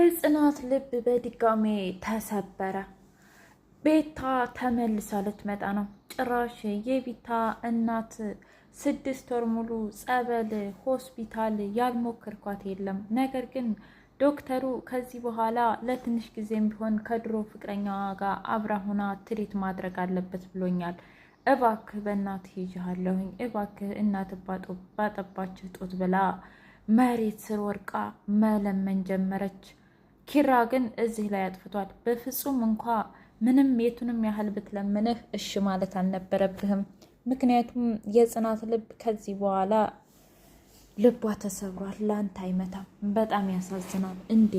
የጽናት ልብ በድጋሜ ተሰበረ። ቤታ ተመልሳ ልትመጣ ነው። ጭራሽ የቤታ እናት ስድስት ወር ሙሉ ጸበል፣ ሆስፒታል ያልሞከርኳት የለም። ነገር ግን ዶክተሩ ከዚህ በኋላ ለትንሽ ጊዜም ቢሆን ከድሮ ፍቅረኛዋ ጋር አብራ ሆና ማድረግ አለበት ብሎኛል። እባክህ በእናትህ ይዤሃለሁኝ፣ እባክህ እናት ባጠባችህ ጡት ብላ መሬት ስር ወርቃ መለመን ጀመረች። ኪራ ግን እዚህ ላይ አጥፍቷል። በፍጹም እንኳ ምንም የቱንም ያህል ብትለምንህ እሺ ማለት አልነበረብህም። ምክንያቱም የጽናት ልብ ከዚህ በኋላ ልቧ ተሰብሯል። ለአንተ አይመታም። በጣም ያሳዝናል። እንዴ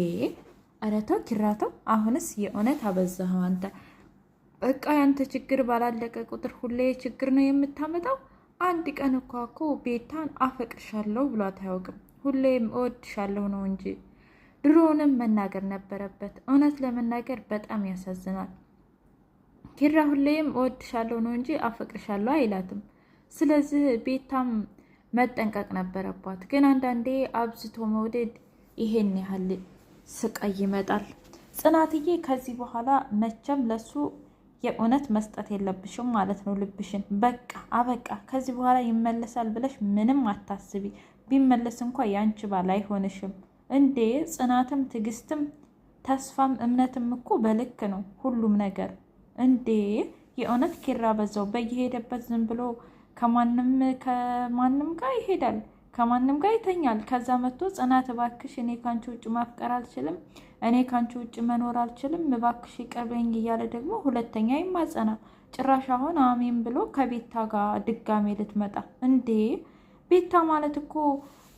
አረተው ኪራተው፣ አሁንስ የእውነት አበዛኸው አንተ። በቃ ያንተ ችግር ባላለቀ ቁጥር ሁሌ ችግር ነው የምታመጣው። አንድ ቀን እኳኮ ቤታን አፈቅርሻለሁ ብሏት አያውቅም። ሁሌም እወድሻለሁ ነው እንጂ ድሮውንም መናገር ነበረበት። እውነት ለመናገር በጣም ያሳዝናል። ኪራ ሁሌም እወድሻለሁ ነው እንጂ አፈቅርሻለሁ አይላትም። ስለዚህ ቤታም መጠንቀቅ ነበረባት። ግን አንዳንዴ አብዝቶ መውደድ ይሄን ያህል ስቃይ ይመጣል። ጽናትዬ ከዚህ በኋላ መቼም ለሱ የእውነት መስጠት የለብሽም ማለት ነው ልብሽን። በቃ አበቃ። ከዚህ በኋላ ይመለሳል ብለሽ ምንም አታስቢ። ቢመለስ እንኳ ያንች ባል አይሆንሽም። እንዴ ጽናትም ትዕግስትም ተስፋም እምነትም እኮ በልክ ነው ሁሉም ነገር እንዴ የእውነት ኪራ በዛው በየሄደበት ዝም ብሎ ከማንም ከማንም ጋር ይሄዳል ከማንም ጋር ይተኛል ከዛ መጥቶ ጽናት እባክሽ እኔ ካንቺ ውጭ ማፍቀር አልችልም እኔ ካንቺ ውጭ መኖር አልችልም እባክሽ ይቅርበኝ እያለ ደግሞ ሁለተኛ ይማጸና። ጭራሽ አሁን አሜን ብሎ ከቤታ ጋር ድጋሜ ልትመጣ እንዴ ቤታ ማለት እኮ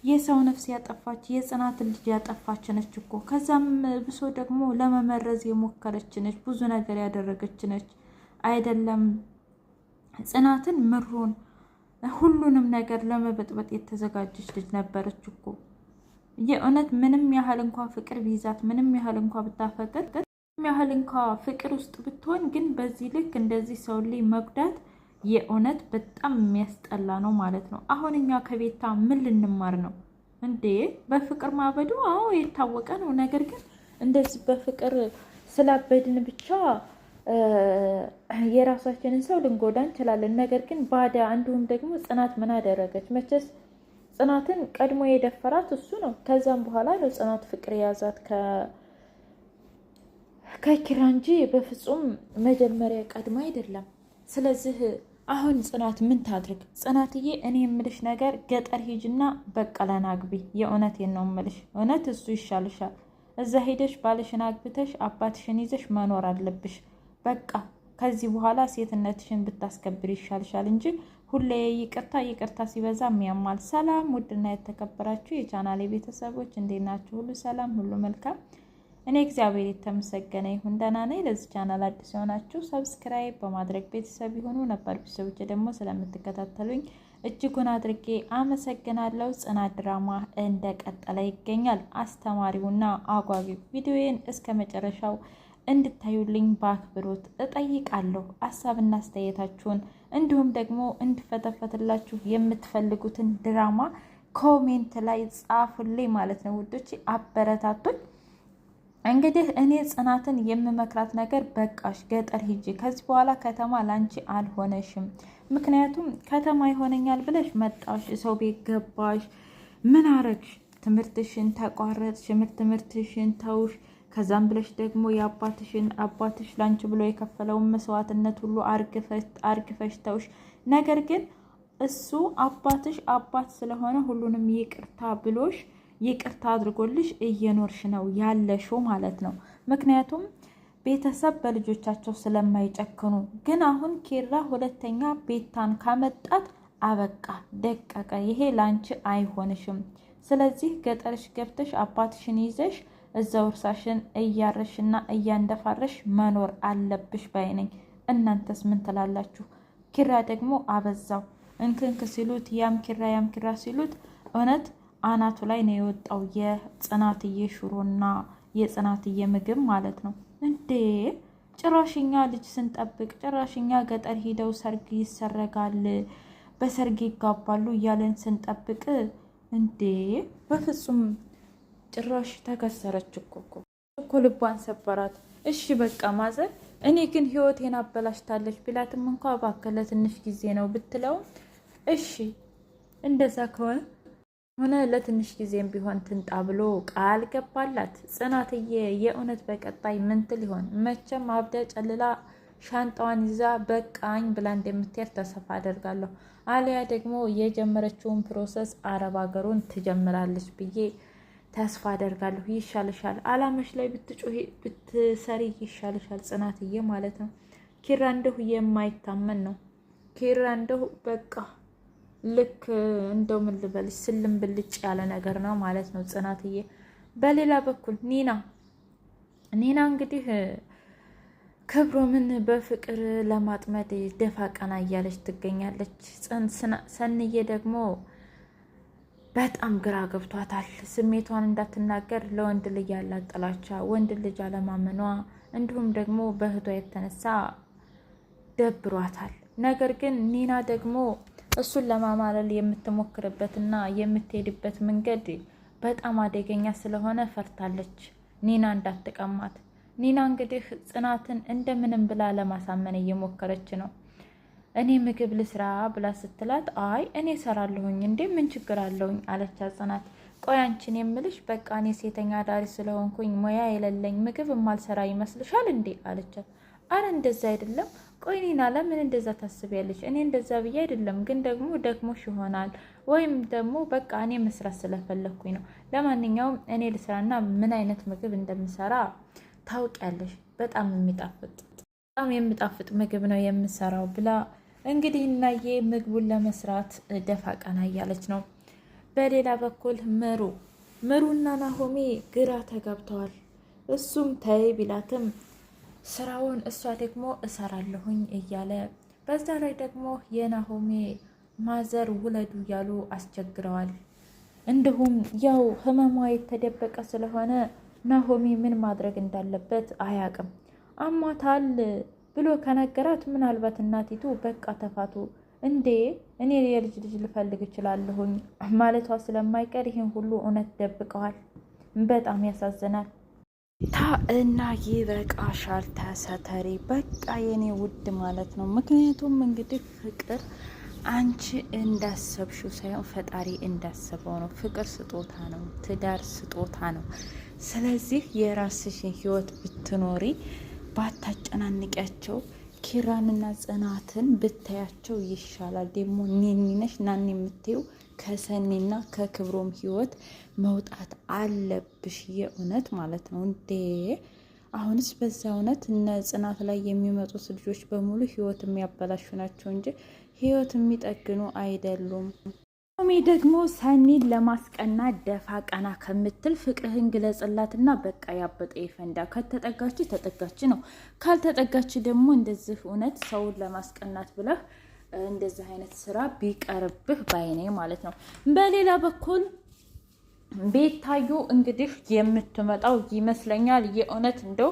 የሰው ነፍስ ያጠፋች የጽናት ልጅ ያጠፋች ነች እኮ። ከዛም ብሶ ደግሞ ለመመረዝ የሞከረች ነች፣ ብዙ ነገር ያደረገች ነች። አይደለም ጽናትን ምሩን ሁሉንም ነገር ለመበጥበጥ የተዘጋጀች ልጅ ነበረች እኮ። የእውነት ምንም ያህል እንኳ ፍቅር ቢይዛት፣ ምንም ያህል እንኳ ብታፈቅር፣ ምንም ያህል እንኳ ፍቅር ውስጥ ብትሆን፣ ግን በዚህ ልክ እንደዚህ ሰው ላይ መጉዳት የእውነት በጣም የሚያስጠላ ነው ማለት ነው። አሁን እኛ ከቤታ ምን ልንማር ነው እንዴ? በፍቅር ማበዱ አዎ የታወቀ ነው። ነገር ግን እንደዚህ በፍቅር ስላበድን ብቻ የራሳችንን ሰው ልንጎዳ እንችላለን። ነገር ግን ባዳ እንዲሁም ደግሞ ጽናት ምን አደረገች? መቼስ ጽናትን ቀድሞ የደፈራት እሱ ነው። ከዛም በኋላ ነው ጽናት ፍቅር የያዛት ከኪራ እንጂ በፍጹም መጀመሪያ ቀድሞ አይደለም። ስለዚህ አሁን ጽናት ምን ታድርግ? ጽናትዬ እኔ የምልሽ ነገር ገጠር ሂጅና በቀለን አግቢ። የእውነቴን ነው የምልሽ፣ እውነት እሱ ይሻልሻል። እዛ ሄደሽ ባልሽን አግብተሽ አባትሽን ይዘሽ መኖር አለብሽ። በቃ ከዚህ በኋላ ሴትነትሽን ብታስከብር ይሻልሻል እንጂ ሁሌ ይቅርታ ይቅርታ ሲበዛ ያማል። ሰላም ውድና የተከበራችሁ የቻናሌ ቤተሰቦች እንዴት ናችሁ? ሁሉ ሰላም፣ ሁሉ መልካም እኔ እግዚአብሔር የተመሰገነ ይሁን ደህና ነኝ። ለዚህ ቻናል አዲስ የሆናችሁ ሰብስክራይብ በማድረግ ቤተሰብ የሆኑ ነባር ቤተሰቦች ደግሞ ስለምትከታተሉኝ እጅጉን አድርጌ አመሰግናለሁ። ጽናት ድራማ እንደ ይገኛል። አስተማሪውና አጓጊው ቪዲዮዬን እስከ መጨረሻው እንድታዩልኝ በአክብሮት እጠይቃለሁ። ሀሳብና አስተያየታችሁን እንዲሁም ደግሞ እንድፈተፈትላችሁ የምትፈልጉትን ድራማ ኮሜንት ላይ ጻፉልኝ ማለት ነው ውዶች፣ አበረታቱኝ። እንግዲህ እኔ ጽናትን የምመክራት ነገር በቃሽ፣ ገጠር ሂጂ። ከዚህ በኋላ ከተማ ላንቺ አልሆነሽም። ምክንያቱም ከተማ ይሆነኛል ብለሽ መጣሽ፣ ሰው ቤት ገባሽ፣ ምን አረግሽ? ትምህርትሽን ተቋረጥሽ፣ ምር ትምህርትሽን ተውሽ። ከዛም ብለሽ ደግሞ የአባትሽን አባትሽ ላንቺ ብሎ የከፈለውን መስዋዕትነት ሁሉ አርግፈሽ ተውሽ። ነገር ግን እሱ አባትሽ አባት ስለሆነ ሁሉንም ይቅርታ ብሎሽ ይቅርታ አድርጎልሽ እየኖርሽ ነው ያለሽው ማለት ነው። ምክንያቱም ቤተሰብ በልጆቻቸው ስለማይጨክኑ። ግን አሁን ኬራ ሁለተኛ ቤታን ካመጣት አበቃ፣ ደቀቀ። ይሄ ላንቺ አይሆንሽም። ስለዚህ ገጠርሽ ገብተሽ አባትሽን ይዘሽ እዛ ውርሳሽን እያረሽና እያንደፋረሽ መኖር አለብሽ ባይ ነኝ። እናንተስ ምን ትላላችሁ? ኪራ ደግሞ አበዛው። እንክንክ ሲሉት ያም ኪራ ያም ኪራ ሲሉት እውነት አናቱ ላይ ነው የወጣው የጽናትዬ ሽሮና የጽናትዬ ምግብ ማለት ነው እንዴ! ጭራሽኛ ልጅ ስንጠብቅ ጭራሽኛ ገጠር ሂደው ሰርግ ይሰረጋል፣ በሰርግ ይጋባሉ እያለን ስንጠብቅ እንዴ! በፍጹም ጭራሽ ተከሰረች እኮ እኮ ልቧን ሰበራት። እሺ በቃ ማዘር፣ እኔ ግን ህይወቴን አበላሽታለች ቢላትም እንኳ ባከለ ትንሽ ጊዜ ነው ብትለውም እሺ እንደዛ ከሆነ ሆነ ለትንሽ ጊዜም ቢሆን ትንጣ ብሎ ቃል ገባላት። ጽናትዬ የእውነት በቀጣይ ምንትል ይሆን? መቼም አብዳ ጨልላ ሻንጣዋን ይዛ በቃኝ ብላ እንደምትሄድ ተስፋ አደርጋለሁ። አሊያ ደግሞ የጀመረችውን ፕሮሰስ አረብ ሀገሩን ትጀምራለች ብዬ ተስፋ አደርጋለሁ። ይሻልሻል፣ አላመሽ ላይ ብትሰሪ ይሻልሻል ጽናትዬ ማለት ነው። ኪራ እንደሁ የማይታመን ነው። ኪራ እንደሁ በቃ ልክ እንደው ምን ልበልሽ ስልም ብልጭ ያለ ነገር ነው ማለት ነው ጽናትዬ። በሌላ በኩል ኒና ኒና እንግዲህ ክብሮምን በፍቅር ለማጥመድ ደፋ ቀና እያለች ትገኛለች። ሰንዬ ደግሞ በጣም ግራ ገብቷታል። ስሜቷን እንዳትናገር ለወንድ ልጅ ያላት ጥላቻ፣ ወንድ ልጅ አለማመኗ እንዲሁም ደግሞ በእህቷ የተነሳ ደብሯታል። ነገር ግን ኒና ደግሞ እሱን ለማማለል የምትሞክርበትና የምትሄድበት መንገድ በጣም አደገኛ ስለሆነ ፈርታለች ኒና እንዳትቀማት። ኒና እንግዲህ ጽናትን እንደምንም ብላ ለማሳመን እየሞከረች ነው። እኔ ምግብ ልስራ ብላ ስትላት አይ እኔ ሰራለሁኝ እንዴ ምን ችግር አለውኝ አለቻት ጽናት። ቆያንችን የምልሽ በቃ እኔ ሴተኛ አዳሪ ስለሆንኩኝ ሙያ የሌለኝ ምግብ የማልሰራ ይመስልሻል እንዴ አለቻት። አረ እንደዛ አይደለም ቆይ ናላ ለምን እንደዛ ታስቢያለች እኔ እንደዛ ብዬ አይደለም፣ ግን ደግሞ ደክሞሽ ይሆናል ወይም ደግሞ በቃ እኔ መስራት ስለፈለግኩኝ ነው። ለማንኛውም እኔ ልስራና ምን አይነት ምግብ እንደምሰራ ታውቂያለሽ። በጣም የሚጣፍጥ በጣም የሚጣፍጥ ምግብ ነው የምሰራው ብላ እንግዲህ እናዬ ምግቡን ለመስራት ደፋ ቀና እያለች ነው። በሌላ በኩል ምሩ ምሩና ናሆሜ ግራ ተጋብተዋል። እሱም ተይ ቢላትም ስራውን እሷ ደግሞ እሰራለሁኝ እያለ በዛ ላይ ደግሞ የናሆሜ ማዘር ውለዱ እያሉ አስቸግረዋል። እንዲሁም ያው ህመሟ የተደበቀ ስለሆነ ናሆሜ ምን ማድረግ እንዳለበት አያውቅም። አሟታል ብሎ ከነገራት ምናልባት እናቲቱ በቃ ተፋቱ እንዴ እኔ የልጅ ልጅ ልፈልግ እችላለሁኝ ማለቷ ስለማይቀር ይህን ሁሉ እውነት ደብቀዋል። በጣም ያሳዝናል። ታ እና ይበቃሻል ተሰተሪ በቃ የኔ ውድ ማለት ነው። ምክንያቱም እንግዲህ ፍቅር አንቺ እንዳሰብሽው ሳይሆን ፈጣሪ እንዳሰበው ነው። ፍቅር ስጦታ ነው። ትዳር ስጦታ ነው። ስለዚህ የራስሽን ህይወት ብትኖሪ ባታጨናንቂያቸው ኪራንና ጽናትን ብታያቸው ይሻላል። ደግሞ ኒኒነሽ ናን የምትይው ከሰኔና ከክብሮም ህይወት መውጣት አለብሽ። የእውነት ማለት ነው እንዴ! አሁንስ በዛ እውነት እነ ጽናት ላይ የሚመጡት ልጆች በሙሉ ህይወት የሚያበላሹ ናቸው እንጂ ህይወት የሚጠግኑ አይደሉም። ሚ ደግሞ ሰኒን ለማስቀናት ደፋ ቀና ከምትል ፍቅርህን ግለጽላትና በቃ ያበጠ ይፈንዳ። ከተጠጋች ተጠጋች ነው፣ ካልተጠጋች ደግሞ እንደዚህ እውነት ሰውን ለማስቀናት ብለህ እንደዚህ አይነት ስራ ቢቀርብህ ባይኔ ማለት ነው። በሌላ በኩል ቤታዩ እንግዲህ የምትመጣው ይመስለኛል። የእውነት እንደው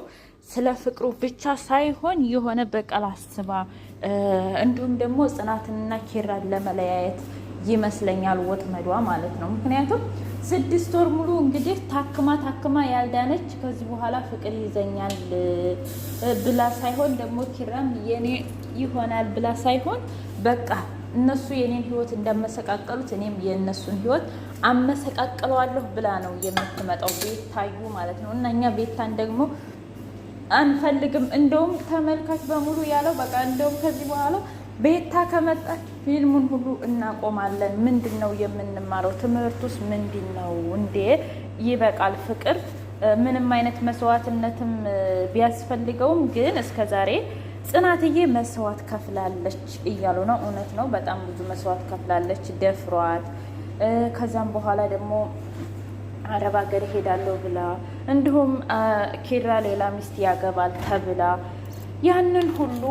ስለ ፍቅሩ ብቻ ሳይሆን የሆነ በቀል አስባ እንዲሁም ደግሞ ጽናትንና ኪራን ለመለያየት ይመስለኛል ወጥመዷ ማለት ነው። ምክንያቱም ስድስት ወር ሙሉ እንግዲህ ታክማ ታክማ ያልዳነች ከዚህ በኋላ ፍቅር ይዘኛል ብላ ሳይሆን ደግሞ ኪራም የኔ ይሆናል ብላ ሳይሆን በቃ እነሱ የኔን ህይወት እንደመሰቃቀሉት እኔም የእነሱን ህይወት አመሰቃቅለዋለሁ ብላ ነው የምትመጣው ቤታዩ ማለት ነው። እና እኛ ቤታን ደግሞ አንፈልግም። እንደውም ተመልካች በሙሉ ያለው በቃ እንደውም ከዚህ በኋላ ቤታ ከመጣች ፊልሙን ሁሉ እናቆማለን። ምንድን ነው የምንማረው? ትምህርት ውስጥ ምንድን ነው እንዴ? ይበቃል። ፍቅር ምንም አይነት መስዋዕትነትም ቢያስፈልገውም ግን እስከዛሬ ጽናትዬ መስዋዕት ከፍላለች እያሉ ነው። እውነት ነው፣ በጣም ብዙ መስዋዕት ከፍላለች። ደፍሯት ከዛም በኋላ ደግሞ አረብ ሀገር ሄዳለሁ ብላ እንዲሁም ኪራ ሌላ ሚስት ያገባል ተብላ ያንን ሁሉ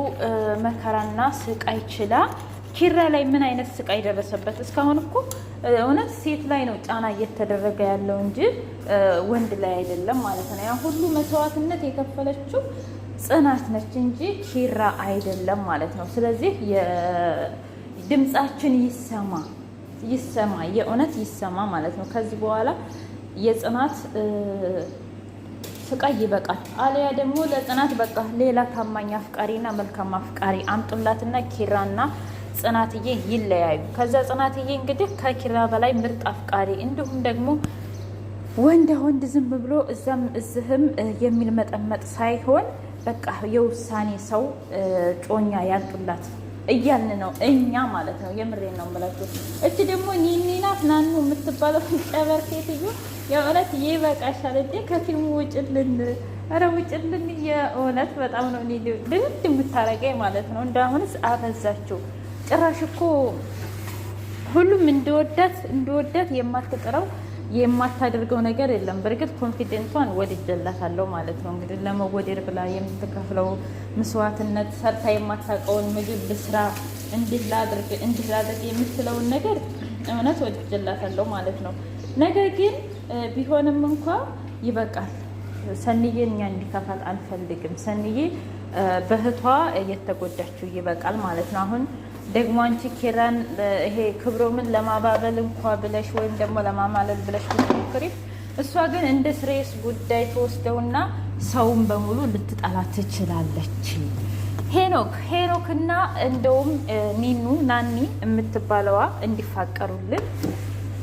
መከራና ስቃይ ችላ ኪራ ላይ ምን አይነት ስቃይ ደረሰበት? እስካሁን እኮ እውነት ሴት ላይ ነው ጫና እየተደረገ ያለው እንጂ ወንድ ላይ አይደለም ማለት ነው። ያ ሁሉ መስዋዕትነት የከፈለችው ጽናት ነች እንጂ ኪራ አይደለም ማለት ነው። ስለዚህ ድምጻችን ይሰማ ይሰማ፣ የእውነት ይሰማ ማለት ነው። ከዚህ በኋላ የጽናት ስቃይ ይበቃል። አሊያ ደግሞ ለጽናት በቃ ሌላ ታማኝ አፍቃሪና መልካም አፍቃሪ አምጡላትና ኪራና ጽናትዬ ይለያዩ። ከዛ ጽናትዬ እንግዲህ ከኪራ በላይ ምርጥ አፍቃሪ እንዲሁም ደግሞ ወንዳ ወንድ ዝም ብሎ እዛም እዚህም የሚል መጠመጥ ሳይሆን በቃ የውሳኔ ሰው ጮኛ ያጡላት። እያልን ነው እኛ ማለት ነው። የምሬን ነው የምላችሁ። እቺ ደግሞ ኒኒናት ናኑ የምትባለው ጨበር ሴትዮ የእውነት ይበቃሻል እንዴ! ከፊልሙ ውጭልን፣ ኧረ ውጭልን። የእውነት በጣም ነው እኔ ድምድ የምታረገኝ ማለት ነው። እንዳሁንስ አበዛችው። ጭራሽ እኮ ሁሉም እንደወዳት እንደወዳት የማትጥረው የማታደርገው ነገር የለም። በእርግጥ ኮንፊደንቷን ወድጀላታለሁ ማለት ነው። እንግዲህ ለመወደድ ብላ የምትከፍለው ምስዋዕትነት፣ ሰርታ የማታውቀውን ምግብ ብስራ፣ እንዲህ ላድርግ፣ እንዲህ ላድርግ የምትለውን ነገር እውነት ወድጀላታለሁ ማለት ነው። ነገር ግን ቢሆንም እንኳ ይበቃል። ሰንዬ እኛ እንዲከፋት አልፈልግም። ሰንዬ በእህቷ እየተጎዳችው ይበቃል ማለት ነው አሁን ደግሞ አንቺ ኪራን ይሄ ክብሮምን ለማባበል እንኳ ብለሽ ወይም ደግሞ ለማማለል ብለሽ ብትሞክሪ፣ እሷ ግን እንደ ስሬስ ጉዳይ ተወስደውና ሰውን በሙሉ ልትጠላ ትችላለች። ሄኖክ ሄኖክና እንደውም ኒኑ ናኒ የምትባለዋ እንዲፋቀሩልን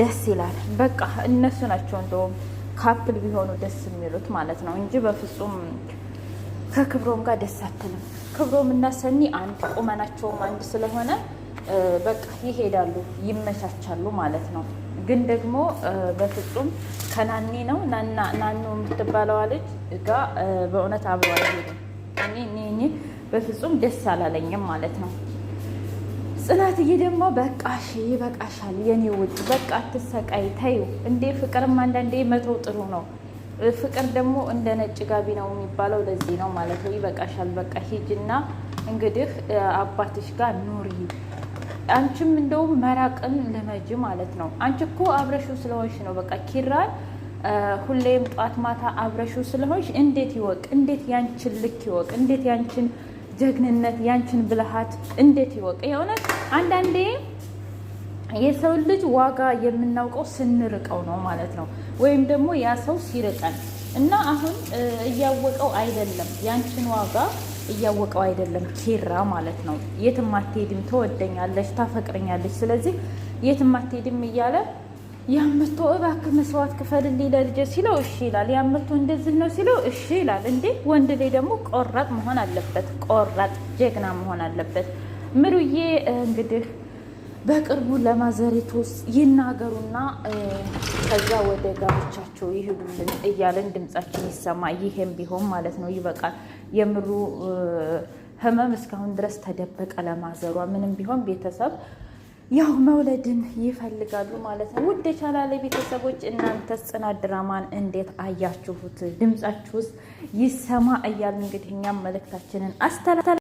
ደስ ይላል። በቃ እነሱ ናቸው እንደውም ካፕል ቢሆኑ ደስ የሚሉት ማለት ነው እንጂ በፍጹም ከክብሮም ጋር ደስ አትልም። ክብሮም እና ሰኒ አንድ ቁመናቸውም አንድ ስለሆነ በቃ ይሄዳሉ፣ ይመቻቻሉ ማለት ነው። ግን ደግሞ በፍጹም ከናኒ ነው ናኖ የምትባለዋ ልጅ ጋ በእውነት አብሮ አይሄድም። በፍጹም ደስ አላለኝም ማለት ነው። ጽናትዬ ደግሞ በቃሽ ይበቃሻል፣ የኔ ውድ በቃ አትሰቃይ፣ ተይው እንዴ ፍቅርም አንዳንዴ መተው ጥሩ ነው። ፍቅር ደግሞ እንደ ነጭ ጋቢ ነው የሚባለው ለዚህ ነው ማለት ነው። ይበቃሻል፣ በቃ ሂጅና እንግዲህ አባትሽ ጋር ኑሪ። አንቺም እንደውም መራቅን ልመጅ ማለት ነው። አንቺ እኮ አብረሹ ስለሆንሽ ነው በቃ ኪራን ሁሌም ጠዋት ማታ አብረሹ ስለሆንሽ እንዴት ይወቅ? እንዴት ያንቺን ልክ ይወቅ? እንዴት ያንችን ጀግንነት ያንቺን ብልሃት እንዴት ይወቅ? የእውነት አንዳንዴ የሰው ልጅ ዋጋ የምናውቀው ስንርቀው ነው ማለት ነው። ወይም ደግሞ ያ ሰው ሲርቀን እና አሁን እያወቀው አይደለም፣ ያንቺን ዋጋ እያወቀው አይደለም። ኬራ ማለት ነው የትም አትሄድም፣ ትወደኛለች፣ ታፈቅረኛለች፣ ስለዚህ የትም አትሄድም እያለ ያመቶ እባክህ መስዋዕት ክፈልልኝ ለልጄ ሲለው እሺ ይላል። ያመቶ እንደዚህ ነው ሲለው እሺ ይላል። እንዴ ወንድ ላይ ደግሞ ቆራጥ መሆን አለበት፣ ቆራጥ ጀግና መሆን አለበት። ምሩዬ እንግዲህ በቅርቡ ለማዘሪቱ ይናገሩና ከዛ ወደ ጋብቻቸው ይሄዱልን እያለን ድምጻችን ይሰማ። ይሄም ቢሆን ማለት ነው ይበቃል። የምሩ ህመም እስካሁን ድረስ ተደበቀ። ለማዘሯ ምንም ቢሆን ቤተሰብ ያው መውለድን ይፈልጋሉ ማለት ነው። ውድ የቻላለ ቤተሰቦች እናንተ ጽናት ድራማን እንዴት አያችሁት? ድምጻችሁስ ይሰማ እያልን እንግዲህ እኛም መልእክታችንን አስተላ